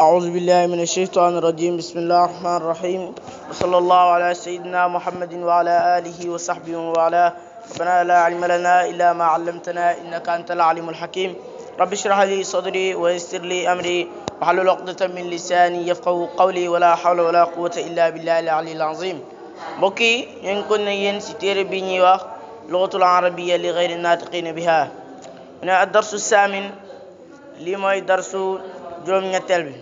أعوذ بالله من الشيطان الرجيم بسم الله الرحمن الرحيم وصلى الله على سيدنا محمد وعلى آله وصحبه وعلى ربنا لا علم لنا إلا ما علمتنا إنك أنت العليم الحكيم رب اشرح لي صدري ويسر لي أمري واحلل عقدة من لساني يفقه قولي ولا حول ولا قوة إلا بالله العلي العظيم mbokki ñu ngi kon nag yéen ci téere bi ñuy wax lugatul arabia li gayri naatiqina biha ne ad darsu saamin lii mooy darsu juróom-ñetteel bi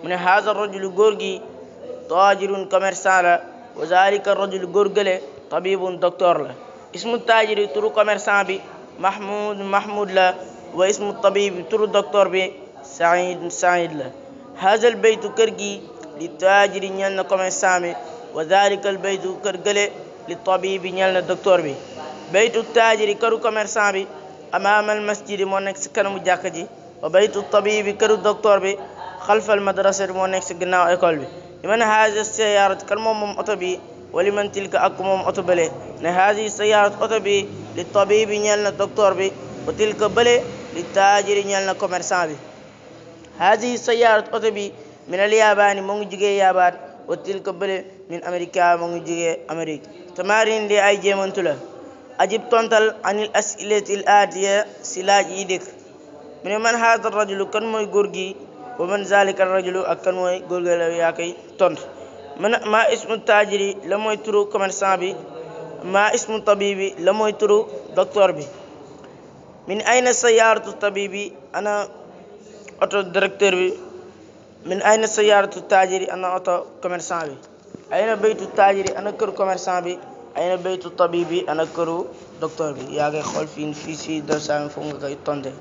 mu ne haza rajulu góor gi taajirun commerçant la wa zalika rajulu góor gële tabibun docteur la ismu taajiri turu commerçant bi mahmud mahmud la wa ismu tabibi turu docteur bi said said la haza albaytu kër gi li taajiri ñel na commerçant bi wa zalika albaytu kër gële li tabibi ñel na docteur bi baytu taajiri këru commerçant bi amaama almasjidi moo nekk si kanamu jàkka ji wa baytu tabibi këru docteur bi xalfal madrasati moo nekk si ginnaaw école bi liman haadihi sayaarat kan moom moom oto bi wali man tilka ak moom oto bële ne haadihi sayaarat oto bi li tabibi ñeel na docteur bi wa tilka bële li taajiri ñeel na commerçant bi haadihi sayaarat oto bi min al yaabaani moo ngi jugee yaabaan wa tilka bële min américa moo ngi jugee amérique tamarin li ay jéemantu la ajib tontal anil asilatil aatiya si laaj yi dikk mu ne man haada rajulu kan mooy góor gi wa man zalika rajulu ak kan mooy góor gi la yaa koy tontu man maa ismu taajiri la mooy turu commerçant bi maa ismu tabibi la mooy turu docteur bi min ayna sayaaratu tabibi ana oto directeur bi min ayna sayaaratu taajiri ana oto commerçant bi ayna baytu taajiri ana kër commerçant bi ayna baytu tabibi ana këru docteur bi yaa koy xool fii fii si dossier bi foofu nga koy tonte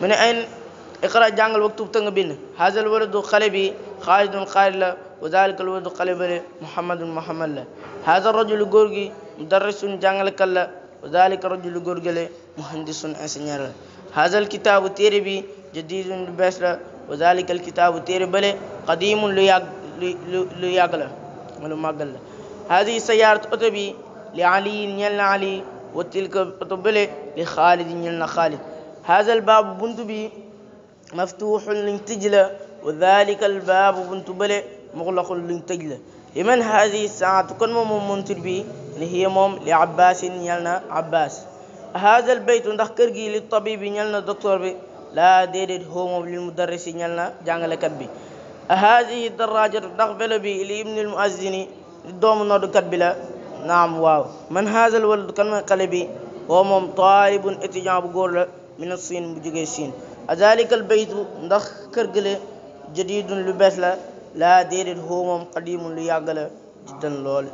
mu ne ayn iqra jàngal waktub te nga bind haazal waladu xale bi xaalidun xaalid la wa zalika al waladu xale bale muhammadun muhammad la haazal rajulu góor gi mudarrisun jàngalekat la wa zalika rajulu góor gale muhandisun ingénieur la haazal kitaabu téere bi jadidun lu bees la wa zalika al kitaabu téere bale qadimun lu yàgg lu lu yàgg la lu màggal la haadihi sayaarat oto bi li aliyin ñel na ali wa tilka oto bale li xaalid ñel na xaalid hada albaabu bunt bi maftuxun liñ tëj la wa dalika albaabu bunt bële muxlaqun liñ tëj la liman hadihi saatu kon moom moom montur bi ne hiya moom li abbasin ñal na abbas hada albaytu ndax kër gi li tabibi ñal na docteur bi laa déedéet hoo moom lil mudarrisi ñal na jàngalekat bi hadihi darajatu ndax vélo bi li ibni almuazzini li doomu noddukat bi la naam waaw man hada alwalad kan mooy xale bi hoo moom taalibun étudiant bu góor la mina siin bu jógee siin azalika albaytu ndax kër gële lu bees la laa déedéet hoo moom qadimun lu yàgg jiddan lool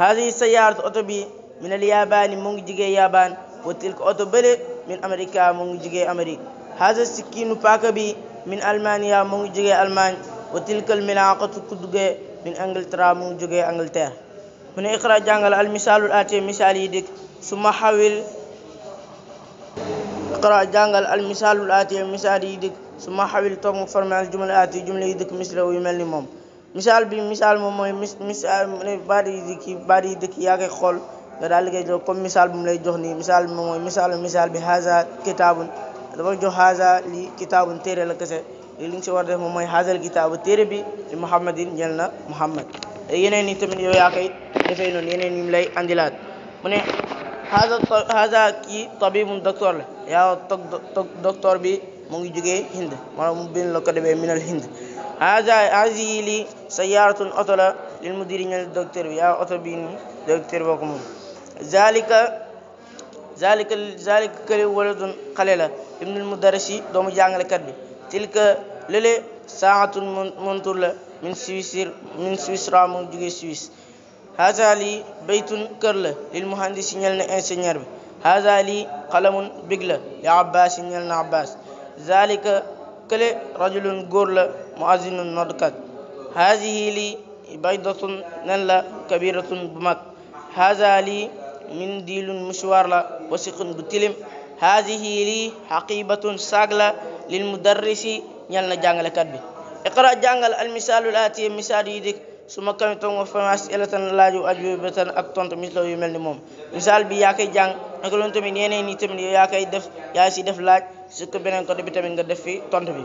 haadihi sayaaratu oto bi min al yabaani mu ngi jógee yabaan wa tilka oto min amerika mu ngi jógee amérique haada sikkiinu bi min almaniya mu ngi jógee almaañ wa tilka al milaaqatu ku duggee min angleterre mu ngi jógee angleterre mu ne al misaalul aate misaal yi dikk xawil iqra jàngal al misaalul aati misaal yi dëkk su ma xawil toog mu formé al jumla aati jumla yi dëkk misla yu mel ni moom misaal bi misaal moom mooy mis misaal baat yi dëkk baat yi dëkk yaa koy xool nga daal liggéey do comme misaal bu lay jox nii misaal bi moom mooy misaal misaal bi haza kitaabun dafa jox haza li kitaabun téere la kese li li si war def moom mooy haza kitaabu téere bi li muhammadin ñel na muhammad yeneen yi tamit yow yaa koy defee noonu yeneen yi mu lay andilaat mu ki haza haza kii tabibun docteur la yow toog toog docteur bi mu ngi jógee hind maanaam mu bind la ko demee minal hind haza hazi yi lii sayaaratun oto la lil mudiri ñel docteur bi yaa oto bi ni docteur boo ko moom zalika zalika zalika kële waladun xale la ibnul mudarrisi doomu jàngalekat bi tilka lële saatun montur la min suisse min suisse mu ngi jógee suisse haza lii baytun kër la lil muhandisi ñel na ingénieur bi haza lii xalamun big la li abbas yi ñeel na abbas zalika kële rajulun góor la muazinun noddkat hazihi lii baydatun nen la kabiratun bu mag haza lii min diilun musuwaar la wasiqun bu tilim hazihi lii xaqibatun saag la lil mudarrisi ñeel na jàngalekat bi iqra jàngal al misaalul aati misaal yi dik su ma kamitoon wa famas elatan laaj wu aju ba tan ak tontu mislo yu mel ni moom misaal bi yaa koy jàng naka loolu tamit yeneen yi tamit yaa koy def yaa si def laaj su ko beneen côté bi tamit nga def fi tontu bi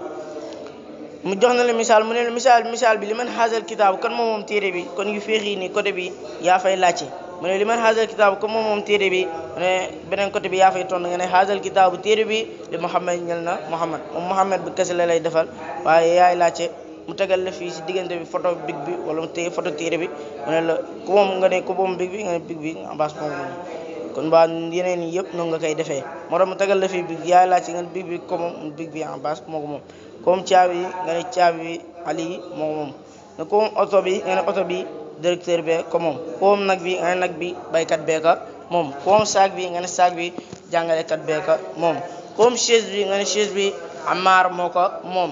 mu jox na la misaal mu ne la misaal misaal bi li man xaasal kitaabu kon moom moom téere bi kon yu féex yi nii bi yaa fay laajte mu ne li man xaasal kitaabu kon moom moom téere bi mu ne beneen côté bi yaa fay tontu nga ne xaasal kitaabu téere bi li Muhammad ñel na Muhammad moom Muhammad bi kese la lay defal waaye yaay laajte mu tegal la si diggante bi photo big bi wala mu téye photo téere bi mu ne la ku moom nga ne ko moom big bi nga ne big bi ambaas moom kon ba yeneen yëpp noonu nga koy defee moo tax mu tegal la fii big yaay laaj si nga ne big moom big bi ambaas moo ko moom comme bi oto bi nga ne oto bi directeur nag bi nga ne bi baykat bee moom ku moom saag saag bi jàngalekat bee ka moom ku moom chaise bi nga ne chaise bi amaar moo ko moom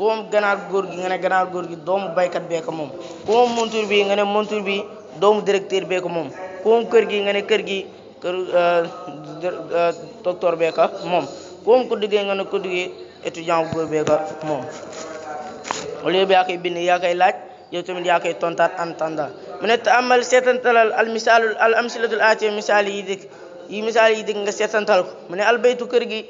ku moom ganaar góor gi nga ne ganaar góor gi doomu baykat bee ko moom ku moom montur bi nga ne montur bi doomu directeur bee moom ku moom kër gi nga ne kër gi kër euh, euh, docteur bee ko moom ku moom ku duggee nga ne ku duggee étudiant bu góor bi yaa koy bind yaa koy laaj yow tamit yaa koy tontaat en tendant mu ne amal seetantalal al misaalu al amsilatul aati misaal yi dëkk yi yi dëkk nga seetantal mu ne al baytu kër gi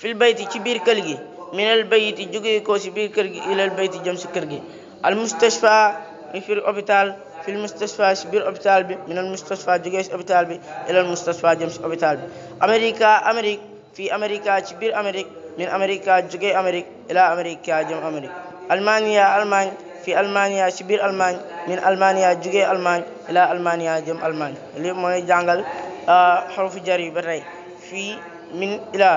fil bayti ci biir kër gi minal bayti jógee ko si biir kër gi ilal bayti jëm si kër gi al mustashfa mi firi hôpital biir hôpital bi minal mustashfa jógee si hôpital bi ilal mustashfa jëm si hôpital bi américa amérique fii américa ci biir amérique min américa jógee amérique ila américa jëm amérique almania fii almania si biir allemagne min almania jógee allemagne ila jëm allemagne li mooy jàngal uh, xarufu jar yi ba min ila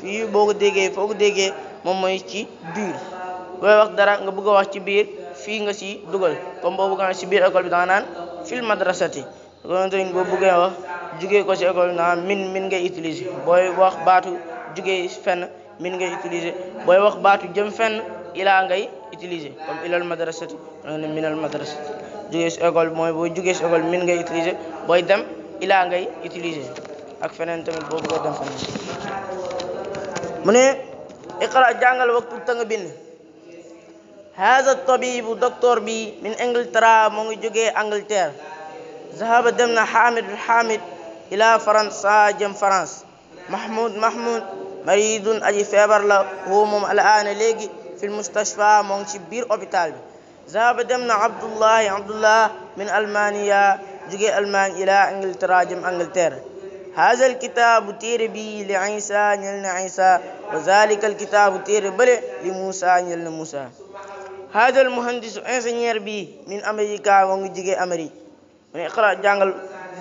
fii boo ko déggee foo moom mooy ci biir booy wax dara nga bugg a wax ci biir fii nga si dugal comme boo bëgg a wax si biir école bi danga naan fil madrasati konte boo bugg wax jugee ko miin min min ngay utiliser booy wax baatu jugee fenn min ngay utiliser booy wax baatu jëm fenn ilaa ngay utiliser comme ilal madrasati ne minal madrasati jugee si école mooy booy jugee si école bi min ngay utiliser booy dem ilaa ngay utiliser ak feneen tamit boo bëggee dem feneen mu ne iqra jàngal waktub ta nga bind haza tabibu docteur bi min Ingiltara moo ngi jógee Angleterre zahaba dem na xaamidul xaamid ila faransa jëm France mahmud mahmud maridun aji feebar la woo moom alaana léegi fi lmustashfa moo ngi ci biir hôpital bi zahaba dem na abdullahi abdullah min almaniya jógee almaañ ila Ingiltara jëm Angleterre haada alkitaabu téere bi li isa ñel na isa wa zalika alkitaabu téere bale li moussa ñel na moussa haada almuhandisu ingénieur bi min américa wa ngi jigee amérique mu ne iqra jàngal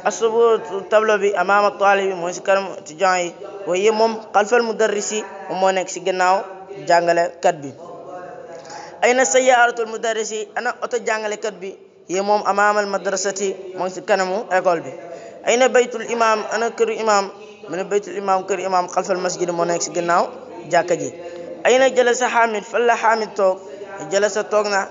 asabootu tableau bi amaama taalibi mooy si kanam étudiant yi waaye moom xalfal mudarrisi moom moo nekk si gannaaw jàngalekat bi ayna sayaaratul mudarrisi ana oto jàngalekat bi yee moom amaamal madrasati mooy si kanamu école bi ayna baytul imam ana këru imam mu ne baytul imam këru imam xalfal masjid moo nekk si ginnaaw jàkka ji ayna jalasa xaamid fan la xaamid toog jalasa toog na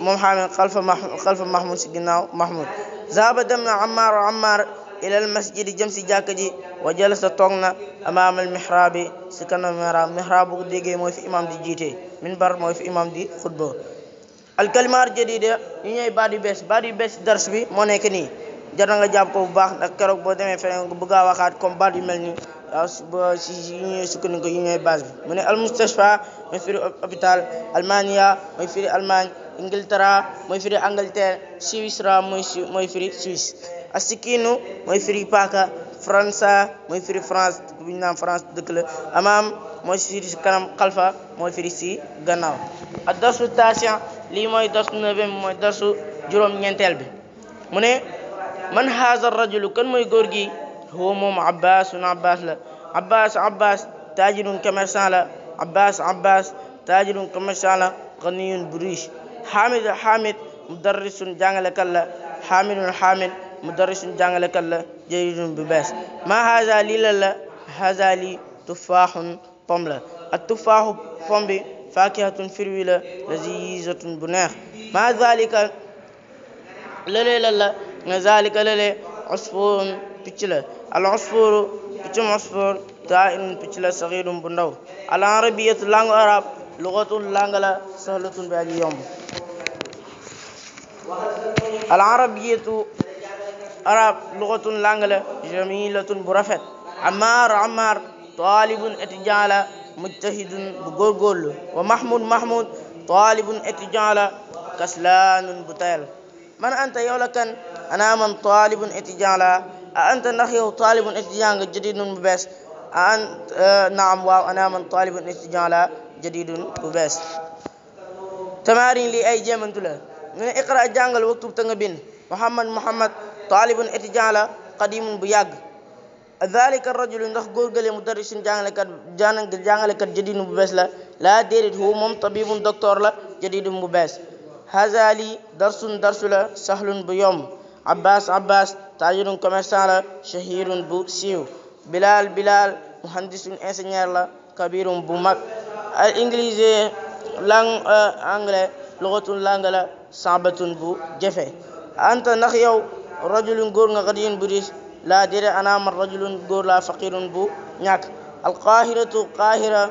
moom xaamid xalfa xalfa mahmud si ginnaaw mahmud zahaba dem na ammaar ammaar ilal masjid jëm si jàkka ji wa jalasa toog na amaamal mihraabi si kanam mihraab mihraab bu déggee mooy fi imam di jiite minbar mooy fi imam di xutba alkalimaar jadida ñu ñëw baat yu bees baat yu bees dars bi moo nekk nii jar na nga jàpp ko bu baax ndax keroog boo demee feneen nga bëgg a waxaat comme baat yu mel ni ba si yu ñuy sukkandiku yu ñooy base bi mu ne almustashfa mooy firi hôpital almania mooy firi allemagne ingiltara mooy firi angleterre suisse ra mooy mooy firi suisse asikinu mooy firi paaka frança mooy firi france bu naan france dëkk amaam mooy firi si kanam xalfa mooy firi si gannaaw a darsu taasiyan lii mooy darsu neuvième mooy darsu juróom ñeenteel bi man haza rajulu kan mooy góor gi huwa moom abbaasun abbaas la abbaas abbaas taajirun commerçant la abbaas abbaas taajirun commerçant la ganiyun bu riche xaamid xaamid mudarrisun jàngalekat la xaamidun xaamid mudarrisun jàngalekat la jadidun bu bees ma haza lii la la haza lii tufaaxun pom la ak tufaaxu pom bi faakihatun firwi la lazizatun bu neex ma zalika lëlee la la zalika lale usfurun picc la al usfuru piccum usfur taa'in picc la saxiirum bu ndaw al arabiyatu langu arab lugatun lang la sahlatun bi aji yomb al arabiyatu arab lugatun lang la jamilatun bu rafet amaar amaar taalibun étudiant la mujtahidun bu góorgóorlu wa mahmud mahmud taalibun étudiant la kaslaanun bu tayal man anta yow la kan ana man taalibun étudiant la a anta ndax yow taalibun étudiant nga jadidun bu bees a an eh, naam waaw ana man taalibun étudiant la jadidun bu bees tamarin lii ay jéemantu la ñu ne iqra jàngal waktub ta nga bind muhammad muhammad taalibun étudiant la qadimun bu yàgg dalika rajulu ndax góor gële mudarrisun jàngalekat jàngalekat jadidun bu bees la laa déedéet hu moom tabibun docteur la jadidun bu bees haza li darsun darsu la sahlun bu yomb abbas abbas taajirun commerçant la shahirun bu siiw bilal bilal muhandisun ingénieur la kabirun bu mag al inglisé langue euh, anglais lugatun langue la sabatun bu jafe anta ndax yow rajulun góor nga xadiyin bu riis laa dére anaaman rajulun góor la faqirun bu ñàkk alqahiratu qahira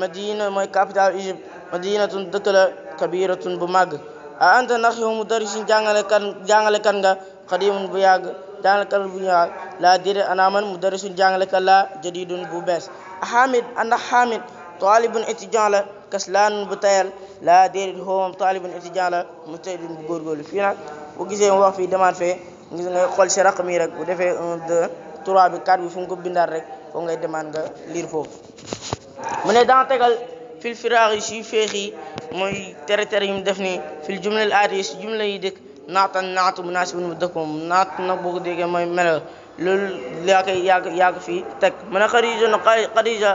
madina mooy capitale Égypte madinatun dëkk la kabiratun bu màgg ah anta ndax yow mudarrisun jàngalekat jàngalekat nga xadimun bu yàgg jàngalekat bu yàgg laa déedéet ana man mudarrisun jàngalekat laa jadidun bu bees xamid andax xamid taalibun étudiant la kaslaanun bu tayal laa déedéet huwa moom taalibun étudiant la mujtahidun bu góorgóorlu fii nag bu gisee mu wax fii demaat fee gis nga xool si raqam yi rek bu defee un deux trois bi quatre bi fu mu ko bindaat rek foo ngay demaat nga lire foofu fil firaax yi si féex mooy tere tere yi mu def nii fil jumla al yi si jumla yi dëkk naatan naatu munaasibun mu dëkkoom naat nag boo ko déggee mooy melo loolu yaa koy yàgg yàgg fii teg mën a xarija na xarija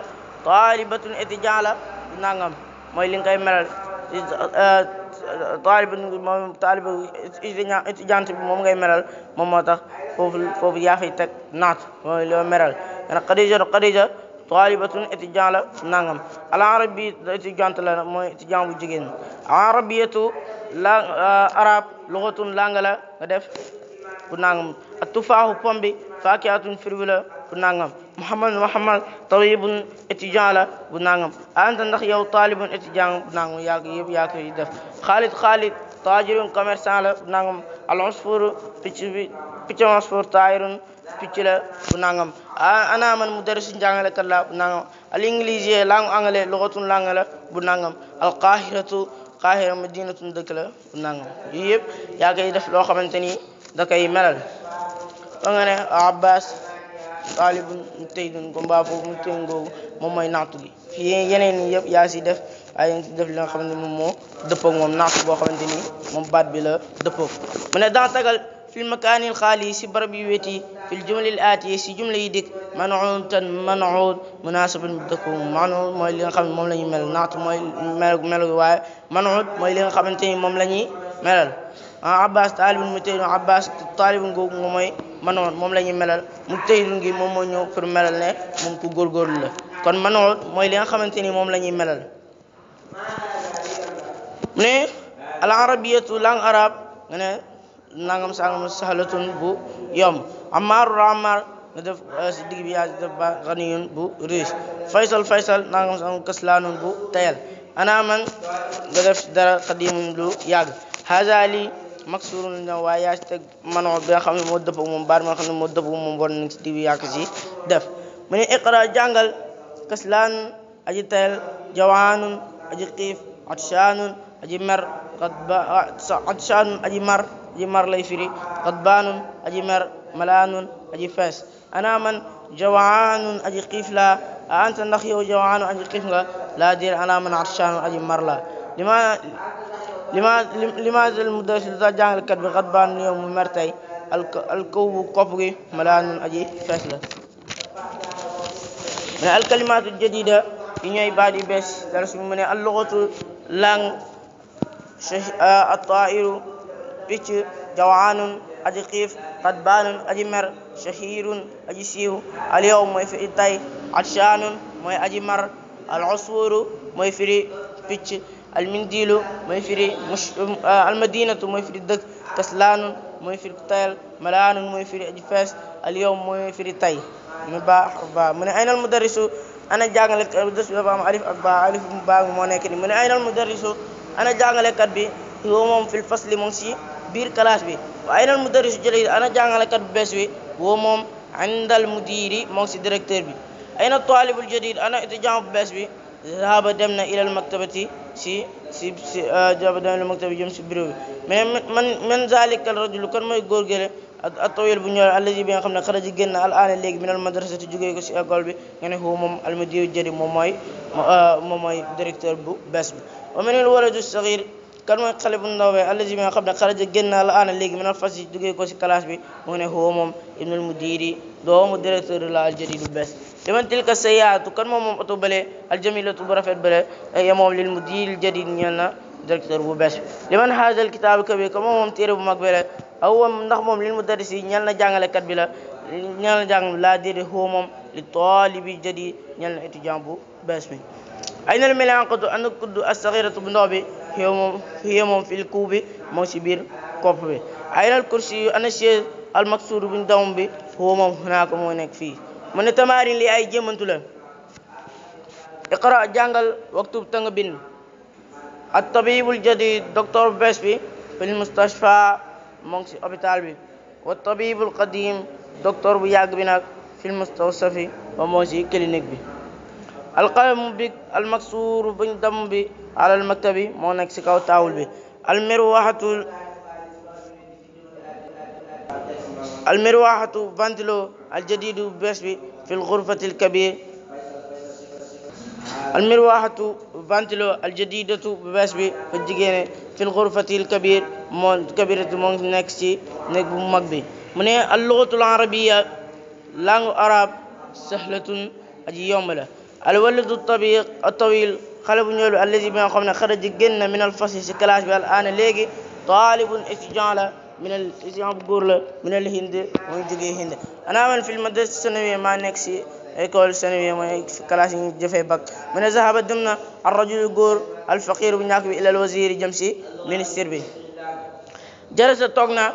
taalibatun etijaala nangam mooy li nga koy melal euh, taaliba moom taaliba étudiante bi moom ngay melal moom moo foofu foofu yaa teg naat mooy loo melal xarija xarija taalibatun étudiant la nangam al arabi étudiante la mooy étudiant bu jigéen arabiyatu la euh, arab lugatun langa la nga def bu nangam ak tufaaxu pom bi faakiyatun firwi la bu nangam muhammad muhammad talibun étudiant la bu nangam anta ndax yow talibun étudiant bu nangam yaa yëpp yaa koy def xaalit xaalit taajirun commerçant la bu nangam al usfur picc bi picc usfur taayirun picc la bu nangam anaa man mudarrisu jàngalekat la bu nangam al ingiliziyya langue anglais lugatun langue bu nangam al qahiratu qahira madinatun dëkk la bu nangam yii yaa koy def loo xamante ni da koy melal ba nga ne abbas talibun mu tey dun ko ngoogu moom mooy naatu gi fii yeneen yi yëpp yaa si def waaye yaa si def li nga ni moom moo dëppoo moom naatu boo xamante ni moom baat bi la dëppoo fi lmakaani alxaali si barab yu weti fi ljumle l aatiye si jumle yi dikk manuun tan manuun munaasabun bi dëkku manuun mooy li nga xam ne moom la ñu mel naat mooy mel melu waaye manuun mooy li nga xamante ni moom la ñuy melal ah, abbas taalibun mujtahidun abbas taalibun googu mooy manuun moom la ñuy melal mujtahidun gi moom moo ñëw pour melal ne moom ku góorgóorlu la kon manuun mooy li nga xamante ni moom la ñuy melal mu ne al arabiyatu lang arab nga ne nangam sangam sahlatun bu yomb Ammar Ammar nga def euh, si digg bi yaa def ba ganiyun bu riche Faysal Faysal nangam sangam kaslaanun bu tayal ana man nga def dara qadimun lu yàgg haza li maksurun na waaye yaa si teg manoo bi nga xam ne moo dëpp moom baat ma nga xam ne moo dëpp moom war nañ si digg bi yàgg si def mu ne iqra jàngal kaslaan aji tayal jawaanun aji xiif atshaanun aji mer qad ah, atshaanun aji mar aji mar lay firi qadbaanun aji mer malaanun aji fees ana man jawaanun aji xiif laa a anta ndax yow jawaanun aji xiif nga laa dir ana man atshaanun aji mar laa limaada almudarris lu tax jàngalekat bi qadbaanun yow mu mer tey alkawbu kopp gi malaanun aji fees la mu ne alkalimaatu jadida yi ñooy baat yu bees dara su mu ne allugatu lang Uh, attaa'iru picc jawaanun aji xiif xadbaanun aji mer shahiirun aji siiw alyawm mooy firi tay atshaanun mooy aji mar alxusuuru mooy firi picc almindiilu mooy firi um, uh, almadinatu mooy firi dëkk kaslaanun mooy firi tayal malaanun mooy firi aji fees alyawm mooy firi tay mu baax baax mu ne aynal mudarrisu ana jàngale uh, alif ak baa alif mu baa moo nekk ni mu ne aynal mudarrisu ana jàngalekat bi huwa moom fil fasli mu ngi si biir classe bi wa aynal mudarrisu jadid ana jàngalekat bu bees bi huwa moom indal mudiri mu ngi si directeur bi ayna taalibul jadid ana étudiant bu bees bi zahaba dem na ilal maktabati si si si ah, zahaba dem na ilal maktabati jëm si bureau bi mais man man zalika rajulu kon mooy góor gële atawil bu ñëwee allazi bi nga xam ne xaraji génn al aana léegi minal madrasati jógee ko ci école bi nga ne xuu moom almudiru jadi moom mooy moom mooy directeur bu bees bi wa minal waladu saxiir kan mooy xale bu ndaw bi allazi bi nga xam ne xaraja génn al aana léegi minal fas yi jógee ko ci classe bi mu ne xuu moom ibnul mudiri doomu directeur la al jadi bu bees liman tilka sayyaatu kan moom moom oto bële al jamilatu bu rafet bële ya moom lil mudiril jadi ñeel na directeur bu bees bi liman haadal kitaabu kabiir kan moom moom téere bu mag bële aw moom ndax moom lil mudarris yi ñal na jàngalekat bi la ñal na jàng laa déede xoo moom li taalibi jadi ñal na étudiant bu bees ay na lu mel anqatu an kudd assaxiratu bu ndox bi xëw moom xëw si biir kopp bi ay na kursi yu ana chaise almaksuur buñ dawm bi xoo moom naa nekk fii mu ne tamaarin li ay jéemantu la iqra jàngal waktub tanga bind at tabibul jadi docteur bu bees bi mustashfa moo ngi si hôpital bi wa tabibul qadim docteur bu yàgg bi nag fil mustawsafi ba moo ngi si clinique bi alqalamu bi almaksuur buñ damm bi alal maktabi moo nekk si kaw taawul bi almirwaxatu almirwaxatu ventilo aljadidu bees bi fil xurfati alkabir almirwaxatu ventilo aljadidatu bu bees bi fa jigéene fil xurfatil kabir moo kabiratu moo ngi nekk ci néeg bu mag bi mu ne allugatul arabia langue arabe sahlatun aji yomb la alwaladu tabi tawil xale bu ñoolu alladi bi nga xam ne xaraji génn min alfasli si classe bi al aana léegi taalibun étudiant la min al étudiant bu góor la min al hind mooy jógee hind ana man fil madrasa sanawiya maa nekk si école sanawiya mooy classe yi ñu jëfee bac mu ne zahaba dem na ar rajul góor al faqiru bu ñàkk bi ilal wasir jëm si ministre bi jalasa toog na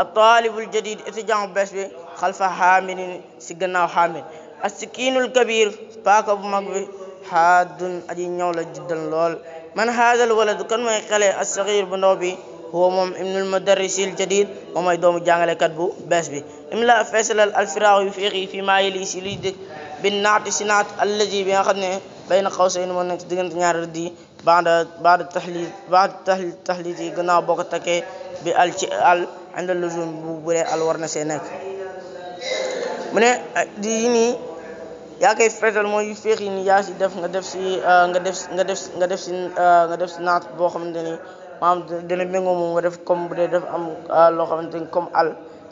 al talibul jadid étudiant bu bees bi xalfa xaamilin si gannaaw xaamil as sikiinul kabir paaka bu mag bi xaadun aji ñëw la jiddan lool man hada al walad kan mooy xale as saxiir bu ndaw bi huwa moom ibnul mudarrisi al jadid moom mooy doomu jàngalekat bu bees bi imla feesalal alfiraaw yu fiiqi fi maa yeli si luy dëkk bin naati si naat allaji bi nga xam ne bay na xaw sa in moo nekk diggante ñaari di yi bada bada taxli bada taxli taxlit yi gannaaw boo ko takkee bi al ci al ànd luzum bu buree al war na see mu ne ah, di yi nii yaa koy feetal mooy yu féex yi nii def nga def si ah, nga def nga def nga def si ah, nga def si naat boo xamante ni maanaam dina méngoo moom nga def comme bu dee def am loo xamante ni comme al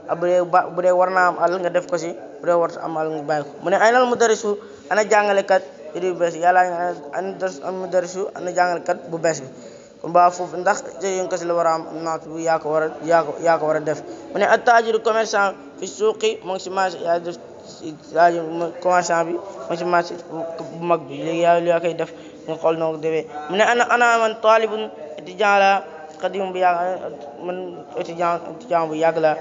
Ah, bu dee ba bu dee war naa am alal nga def ko si bu dee warta am alal nga bàyyi ko mu ne aynal mudarrisu ana jàngalekat yu bees bi yàlla ana mudarrisu ana jàngalekat bu bees bi kon ba foofu ndax te yun ko si la war a am naatu bi yaa war a yaa ko yaa war a def mu ne attajiru commerçant fi suuqi mu ngi si marché yaa def laaju bi mu ngi si marché bu mag bi léegi yaa yaa koy def nga xool noo ko defee mu ne ana ana man taalibun étudiant la xadim bu yàgg man étudiant étudiant bu yàgg la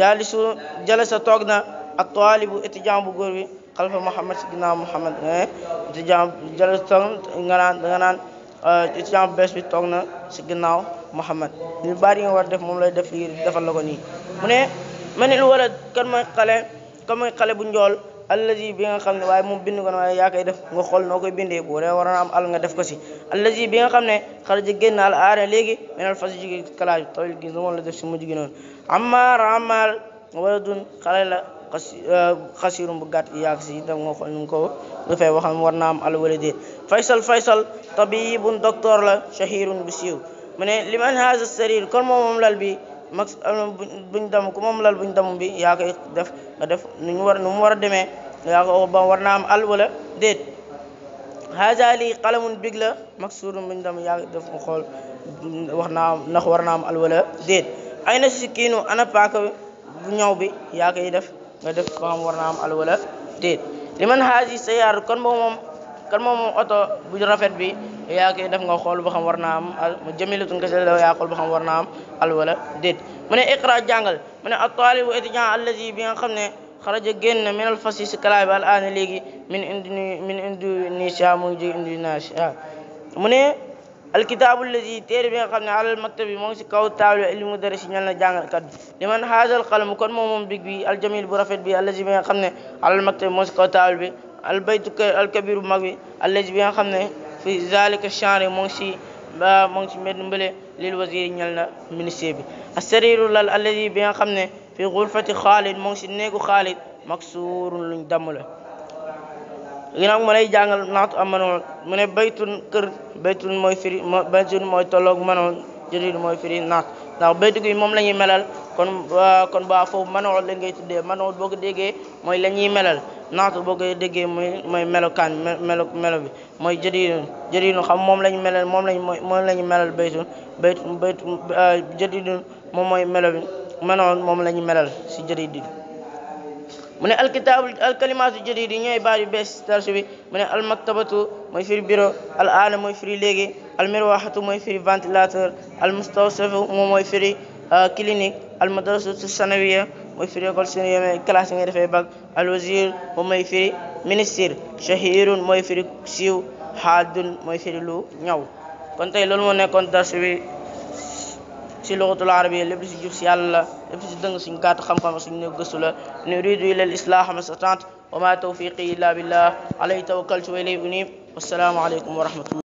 jaalisu jalasa toog na ak taalibu étudiant bu góor bi xalfa Muhammad si ginnaaw Muhammad étudiant eh, jalasa toog nga naan nga naan étudiant eh, bu bees bi toog na si ginnaaw Muhammad ñu bari nga war def moom lay def lii defal la ko nii mu ne ma lu war a kan mooy xale kan mooy xale bu njool allazi bi nga xam ne waaye moom bind ko ne waaye yaa koy def nga xool noo koy bindee bu dee waroon am al nga def ko si allazi bi nga xam ne xaraja génn al aare léegi menal fas jóge kalaaju tawil gi moom la def si mujj gi noonu amaar amaal wala dun xale la xasirum euh, bu gàtt yaag si dam nga xool nu nga ko dafay waxam war naa am al wala déet faysal faysal tabibun docteur la shahirun bu siiw mu ne liman haza sarir kon moom moom lal bi max buñ dem ku moom lal buñ dem bi yaa koy def nga def nu ñu war nu mu war a demee yaa ko ba war naa am al wala déet haja lii xalamun big la maxsuurun buñ dem yaa def mu xool wax naa am ndax war naa am al wala déet ay na sikkiinu ana paaka bu ñëw bi yaa koy def nga def ba xam war naa am al wala déet liman haaji sayaaru kon ba moom kan moom moom oto bu rafet bi yaa koy def nga xool ba xam war naa am jamilatun kese la yaa xool ba xam war naa am al wala déet mu ne iqra jàngal mu ne al taalibu étudiant allazi bi nga xam ne xaraja génn min al fasi si kalaa bi al aana léegi min indi min indonésia mu ngi jóge indonésia ah. mu ne al kitaabu allazi téere bi nga xam ne alal maktabi moo ngi si kaw taabal li mu dara si ñal na jàngalkat bi li man haazal qalam kon moom moom big bi al jamil bu rafet bi allazi bi nga xam ne alal maktabi moo si kaw taabal bi albaytu alkabiru mag bi allazi bi nga xam ne fi zalika chanre mo ngi si mo ngi si mbedd mbële lil wasiri ñel na ministre bi assariru lal allazi bi nga xam ne fi xulfati xaalid mo ngi si néegu xaalid maksuurun luñ damm la ginnaaw ma lay jàngal naxtu am manoon mu ne baytun kër baytun mooy firi baytun mooy tolloog manoon jëriñ mooy firi naat ndax baytu gi moom la ñuy melal kon kon ba foofu manoon la ngay tuddee manoon boo ko déggee mooy la ñuy melal naatu boo koy déggee mooy mooy melokaan melo melo bi mooy jëriñu jëriñu xam moom lañu melal moom lañ moom lañu melal baytun baytun baytun euh, jëriñu moom mooy melo bi menoon moom lañu melal si jëriñu mu ne alkitaabu alkalimaatu jadid yi ñooy baat yu bees tarsu bi mu ne almaktabatu mooy firi bureau al aana mooy firi léegi almirwaxatu mooy firi ventilateur almustawsafu moom mooy firi euh, clinique almadrasatu sanawiya mooy firi école supérieure classe yi ngay defee bac al wazir moom mooy firi ministre shahirun mooy firi siiw haadun mooy firi lu ñaw kon tey loolu moo nekkoon dars bi ci luxatul arabiyya lépp ci jub ci yàlla lépp ci dëng suñ gàtt xam-xam suñ ne gëstu la nuridu ila al islah ma stata'tu wa ma tawfiqi illa billah alayhi tawakkaltu wa ilayhi unib wassalaamu alaykum wa rahmatullah